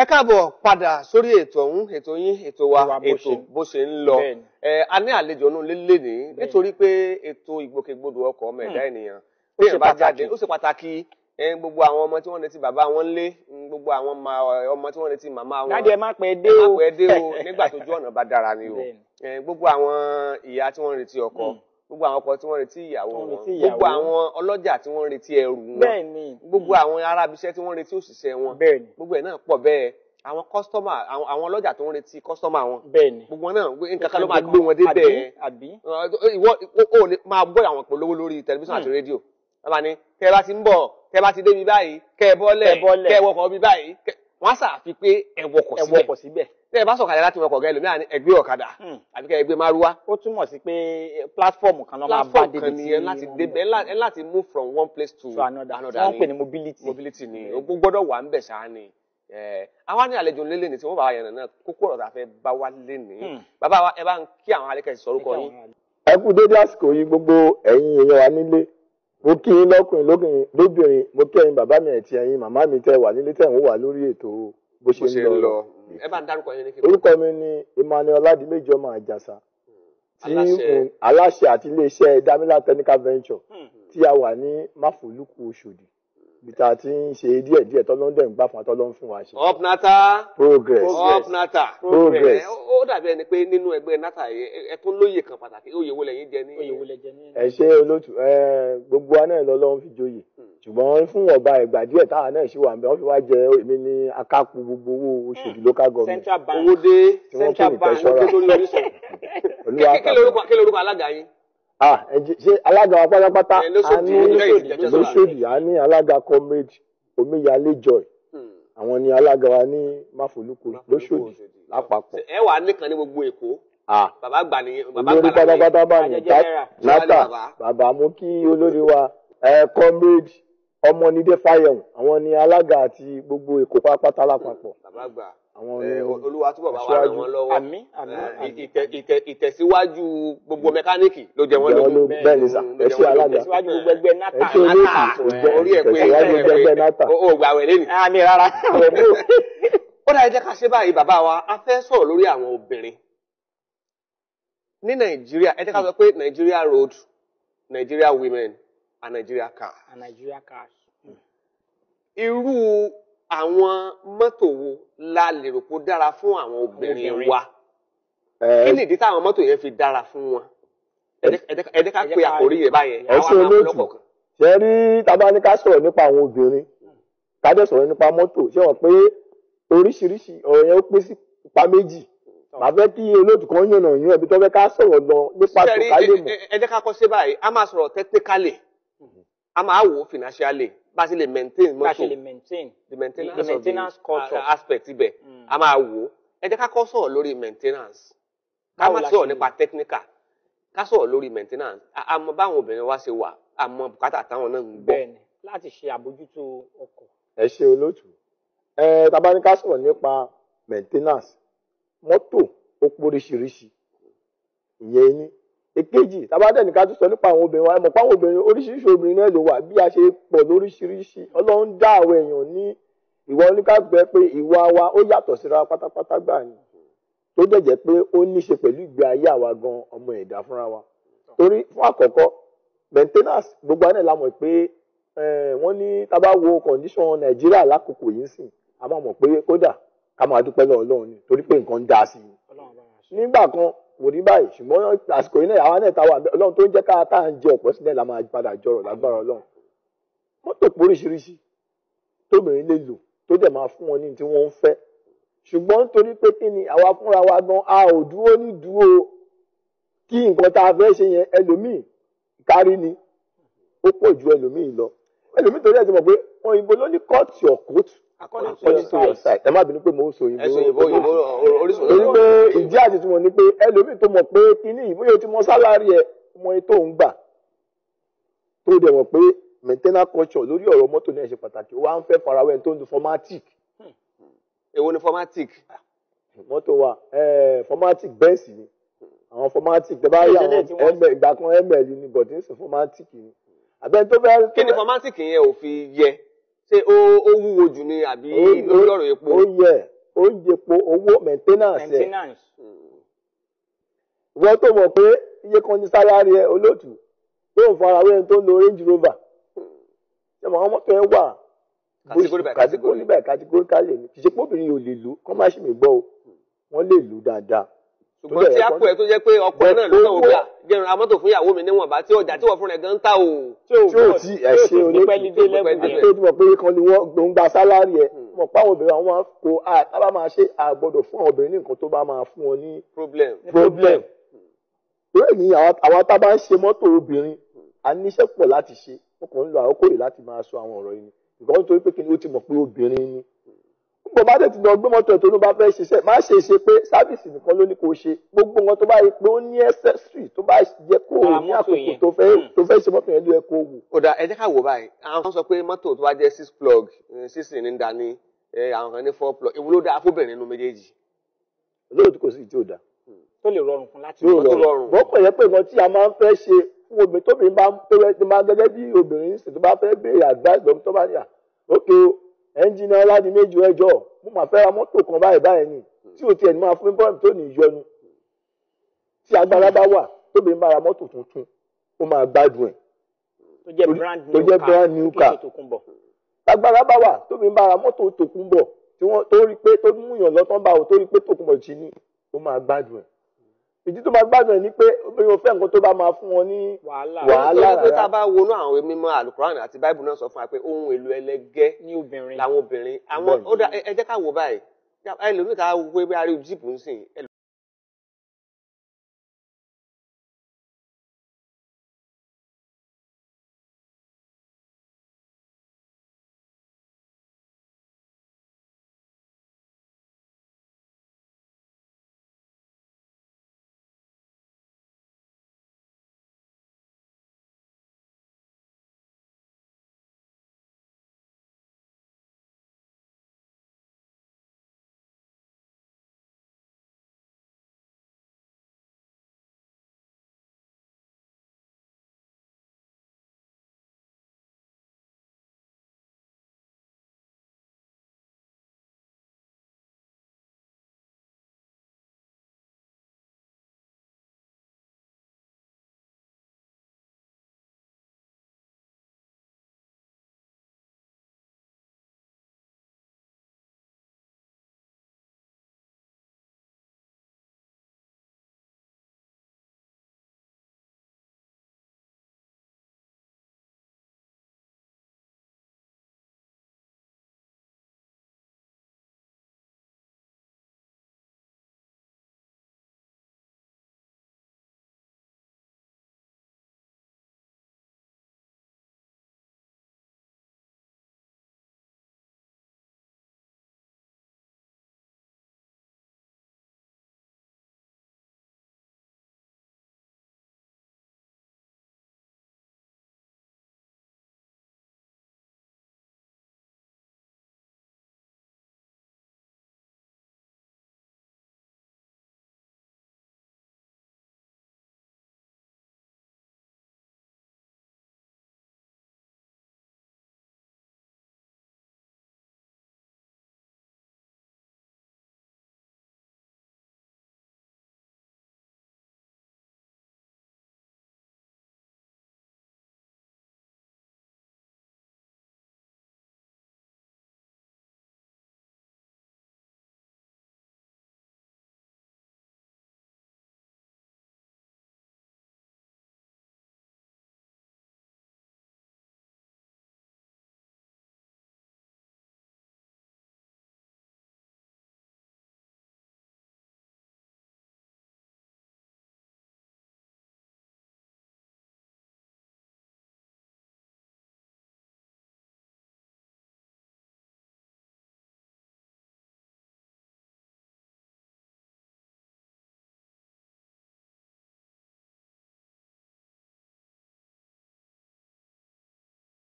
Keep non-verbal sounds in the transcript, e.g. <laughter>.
ẹ káàbọ̀ padà sórí ètò ọ̀hún ètò yín ètò wa ètò bó ṣe ń lọ ẹ a ní àlejò ọ̀nà lélẹ̀ ní nítorí pé ètò ìgbòkègbodò ọkọ̀ ọmọ ẹ̀dá hmm. ènìyàn bí ẹ bá jáde ó ṣe pàtàkì gbogbo àwọn ọmọ tí wọ́n retí bàbá wọn lé gbogbo àwọn ọmọ tí wọ́n retí màmá wọn dájú ẹ má pẹ́ dé o nígbà tójú ọ̀nà bá dára ni o <laughs> gbogbo àwọn ìyá tí wọ́n retí ọkọ hmm gbogbo àwọn ọkọ tí wọ́n retí ìyàwó wọn gbogbo àwọn ọlọ́jà tí wọ́n retí ẹrù wọn gbogbo àwọn arábíṣẹ́ tí wọ́n retí òṣìṣẹ́ wọn gbogbo ẹ̀ náà pọ̀ bẹ́ẹ̀ àwọn kọ́sítọ́mà àwọn ọlọ́jà tó ń retí kọ́sítọ́mà wọn gbogbo náà nǹkan kan ló máa gbé wọn dé bẹ́ẹ̀ ìwọ ò lè máa gbọ́ àwọn polówó lórí tẹlifíṣàn àti hmm. rédíò bàbá ni kẹ bá ti ń bọ̀ kẹ bá ti débi báyìí kẹ bọ́lẹ̀ kẹ wọkọ̀ bí báyìí wọ́n á sàfi pé ẹ wọkọ̀ síbẹ̀ tẹ́ ẹ bá sọ̀kalẹ̀ láti wọkọ̀ ọ̀gá ẹlòmíràn ní ẹgbẹ́ ọ̀kadà hmm. àbí kẹ́ ẹgbẹ́ márúwá. ó túmọ̀ sí pé eh, platform kan náà máa bá débi tí platform kan ni ẹ láti débi ẹ láti move from one place to another ni wọ́n pè ní mobility mobility ni hmm. o gbọ́dọ̀ wà ń bẹ̀ ṣáá ni. àwa ní àlejò lélẹ̀ ní tí wọ́n bá yẹn náà kókó ọ̀rọ̀ tá a fẹ́ bá wá lé ní. Hmm. bàbá wa ẹ bá ń kí àwọn alẹ́kẹ̀sì sọ̀rọ̀ kọ yín. ẹ kú dédé àsìkò yìí gbogbo ẹ̀yin èèyàn wa nílé mo kí yín lọ́kùnrin lóbìnrin mo kí ẹ̀yin bàbá mi àti ẹ̀yin màmá mi tẹ́ wà nílé tẹ́ ń wà lórí bó ṣe ń lọ. ẹ bá ń dárúkọ yín ní kíkọ. orúkọ mi ni Emmanuel Ọládìméjì ọmọ Àjàsà tí hmm. aláṣẹ àti iléeṣẹ́ Damila Technical Venture hmm. tí a wà ní Máfòlúkù Òṣòdì bìtà tí ń ṣe díẹ̀ díẹ̀ tọ́lọ́ dẹ̀ ń gbà fún atọ́lọ́ fún wa ṣe. up nata progress up nata progress ó dàbí ẹni pé nínú ẹgbẹ́ nata ẹ tún lóye kan pàtàkì oyè wo lẹ́yìn jẹ ní. ẹ ṣe olótù gbogbo wa náà lọ́lọ́run fi joyè hmm. ṣùgbọ́n fún ọba ìgbà díẹ̀ táwa náà ṣì wà ń bẹ wọ́n fi wá jẹ èmi ní akápò gbogbo owó Òṣòdì hmm. local government owó dé central bank owó dé lórí Orísun <laughs> kí lorúkọ alága yín. Ah, ṣe alága wa pátápátá a ní lóṣòdì a ní alága comrade omíyalé joy hmm. àwọn ni alága wa ní máfolúkọ lóṣòdì lápapọ̀. ẹ wà nìkan ní gbogbo èkó bàbá gbà ní bàbá gbà ní pátápátá bá ní látà bàbá mú kí olórí wa comrade ọmọ nídé fáyẹ̀hùn àwọn ni alága àti gbogbo èkó pátápátá lápapọ̀. bàbá gbà àwọn olúwa túbọ̀ bá wà ràn wọ́n lọ́wọ́ àmín àmín ìtẹ̀síwájú gbogbo mẹkáníìkì ló jẹ wọ́n lógún bẹ́ẹ̀ ni sà ẹ ṣe alága ìtẹ̀síwájú gbogbo ẹgbẹ́ nata nata orí ẹ̀ pé ẹgbẹ́ nata o gbà wẹ̀lẹ́ ni. àmì rárá ó dáa jẹ́ ká ṣe báyìí bàbá wa a fẹ́ sọ̀rọ̀ lórí àwọn obìnrin ní nàìjíríà ẹ jẹ́ ká sọ pé nàìjíríà road nàìjíríà women and nàìjíríà car. and nàìjíríà cars. irú àwọn mọ́tò wo la lè rò pé ó dára fún àwọn obìnrin wa kí nìdí táwọn mọ́tò yẹn fi dára fún wọn ẹ̀ẹ́dẹ́ ká pe àkórí rẹ̀ báyẹn àwọn àpòlọpọ̀ kan. ṣe rí tábà ní ká sọ̀rọ̀ nípa àwọn obìnrin ká dẹ̀ sọ̀rọ̀ nípa mọ́tò ṣé wọ́n pé oríṣiríṣi ọ̀rọ̀ yẹn ó pín sí ipa méjì màá fẹ́ kí olóòtú kan yànnà yín ẹbí tó fẹ́ ká sọ̀rọ̀ gan nípa tòkálẹ̀ mọ̀. ṣe rí ẹ̀ẹ́dẹ́ ká kọ́ sí báyìí a máa sọ̀rọ̀ technically hmm. a máa wò financially bá a ṣe lè maintain mọ́tò bá a ṣe lè maintain the maintenance, the maintenance of the culture. aspect ibẹ̀ mm. a máa wò ó ẹ jẹ́ ká kọ́ sọ̀rọ̀ lórí maintenance ká má sọ̀rọ̀ nípa technical ká sọ̀rọ̀ lórí maintenance àmọ́ báwọn obìnrin wa ṣe wà àmọ́ bùkátà táwọn náà ń gbọ́. bẹ́ẹ̀ni láti ṣe àbójútó ọkọ̀. ẹ ṣe olóòtú ẹ tàbá ní ká sọ̀rọ̀ nípa maintenance mọ́tò ó póríṣiríṣi ìyẹn ní èkejì tabadẹ́ni ká tún sọ nípa àwọn obìnrin wa ẹ mọ̀ pé àwọn obìnrin oríṣiríṣi obìnrin náà ló wà bí a ṣe pọ̀ lóríṣiríṣi ọlọ́run dá àwọn èèyàn ní ìwọ oníkàgbẹ́ pé ìwà wa ó yàtọ̀ síra pátápátá gbà ni tó dẹ̀ jẹ́ pé ó ní ṣe pẹ̀lú ìgbé ayé àwa gan ọmọ ẹ̀dá fúnra wa torí fún àkọ́kọ́ maintenance gbogbo àná la mọ̀ pé wọ́n ní tábà wo condition nàìjíríà lákòókò yìí sìn a máa mọ̀ pé kódà ká máa dúpẹ́ lọ́wọ́ ọlọ́run ni torí pé nǹkan ń dá sí i nígbà kan mo rí báyìí ṣùgbọ́n àsìkò yìí náà àwa náà ta ọlọ́run tó ń jẹ́ ká tá à ń jẹ ọ̀pọ̀ sílẹ̀ la máa padà jọrọ̀ lágbára ọlọ́run mọ́tò poríṣiríṣi tóbìnrin lè lò tó dẹ̀ máa fún wọn ní tí wọ́n ń fẹ́ ṣùgbọ́n nítorí pé kí ni àwa fúnra wa gan a ò dúró ní dúró kí nǹkan tá a fẹ́ ṣe yẹn ẹlòmíì kárí ni ó pọ̀ ju ẹlòmíì lọ ẹlòmíì torí ẹ̀ ti mọ̀ pé òyìnbó ló ní cut your ẹ má bínú pé mo ń sọ òyìnbó ìdí àti túmọ̀ ni pé ẹlòmíì tó mọ̀ pé kíní ìbóyè tí mo sálárì ẹ mọ èyí tó ń gbà tó dẹ̀ mọ̀ pé maintainer culture lórí ọ̀rọ̀ mọ́tò náà ṣe pàtàkì wá ń fẹ́ farawẹ́ tó ń du formatic. Hmm. èwo ni formatic. mọ́tò wa eh, formatic bẹ́ẹ̀sì ni àwọn formatic tẹ bá rí àwọn ìgbà kan ml ni but ní sin formatic ni àbẹ́ni tó fẹ́. kí ni formatic yẹn ò fi yẹ ṣé ó wúwo jù ni àbí lórí ọ̀rọ̀ epo. ó yẹ oúnjẹ po owó maintenance ẹ̀ wọ́n tó mọ̀ pé iye kan ní sálárì ẹ olóòtú tó ń fara wé tó ń lo Range Rover ṣe mọ̀ àwọn mọ́tò ẹ wà kàtíkórì báyìí kàtíkórì ká lè ní kì í ṣe pé obìnrin yóò lè lò kọ́ má ṣì mí gbọ́ o wọ́n lè lò dáadáa. ṣùgbọ́n tí àpò ẹ̀ tó jẹ́ pé ọkọ náà ló náà wò gbà jẹun amọ́tò fún ìyàwó mi níwọ̀n bá tí ọjà tí wọ́n fún rẹ̀ gan ń ta o. tí o ti ẹ̀ ṣe olóòtú tó ti mọ̀ pé kan ni wọ́n gbà sálárì ẹ̀ mọ̀ pé àwọn obìnrin àwọn kò àbá máa ṣe àgbọ́dọ̀ fún àwọn obìnrin ní nǹkan tó bá máa fún wọn ní problem. problem. bẹ́ẹ̀ ni àwọn tá a bá ń ṣe mọ́tò obìnrin a níṣẹ́ pọ̀ láti ṣe wọn kàn ń lo àkókò rẹ̀ láti máa sọ àwọn ọ̀rọ̀ yìí nǹkan nítorí pé kí ni ó ti mọ̀ pé obìnrin ni bó bá dẹ̀ ti lọ gbé mọ́tò ẹ̀ tó ló bá fẹ́ ṣiṣẹ́ má ṣe ṣe pé sábìsì nìkan ló ní kó ṣe gbogbo nǹkan tó bá yẹ pé ó ní accessory tó bá yẹ kó o ní àkókò tó fẹ́ hmm. tó fẹ́ ṣe mọ́tò yẹn ló yẹ kó wù. ọ̀dà ẹ jẹ́ ká wò báyìí àwọn sọ pé mọ́tò tó bá jẹ́ six plug eh, six ní dání eh, àwọn kan ní four plug èwo ló dáa fóbìnrin nínú méjèèjì. olóòtú kò sí ìdí ò dáa. Hmm. tó lè rọrùn fún láti rọrùn. bọ́kọ̀ yẹ pé nǹkan a máa ń fẹ́ ṣe fún obìnrin tóbìnrin bá ń pẹ́rẹ́ tó máa gẹ́gẹ́ bí obìnrin sì tó bá fẹ́ béèrè àgbà ẹnjìnà ọládìméjì ẹjọ́ mo máa fẹ́ ra mọ́tò kan báyìí báyìí ni tí o tiẹ̀ ní máa fún bọ́ọ̀mù tó ní ìyọnu tí agbára bá wà tóbi ń bá ra mọ́tò tuntun ó máa gbádùn ẹ̀ tó jẹ́ brand new car agbára bá wà tóbi ń bá ra mọ́tò Tòkunbọ̀ tó rí pé tó mú yàn lọ́tọ́ bá o tó rí pé Tòkunbọ̀ jí ni ó máa gbádùn ẹ̀ ìdí tó máa gbádùn ẹ ni pé obìnrin ò fẹ́ nǹkan tó bá máa fún wọn ní wàhálà rárá tó bá wọnú àwọn ìwé alukuran àti báìbù náà sọ fún wa pé ohun èlò ẹlẹgẹ́ làwọn obìnrin àwọn ó ẹ jẹ́ ká wò báyìí ẹlòmíì ká wọ pé a rí jíìpù ń sìn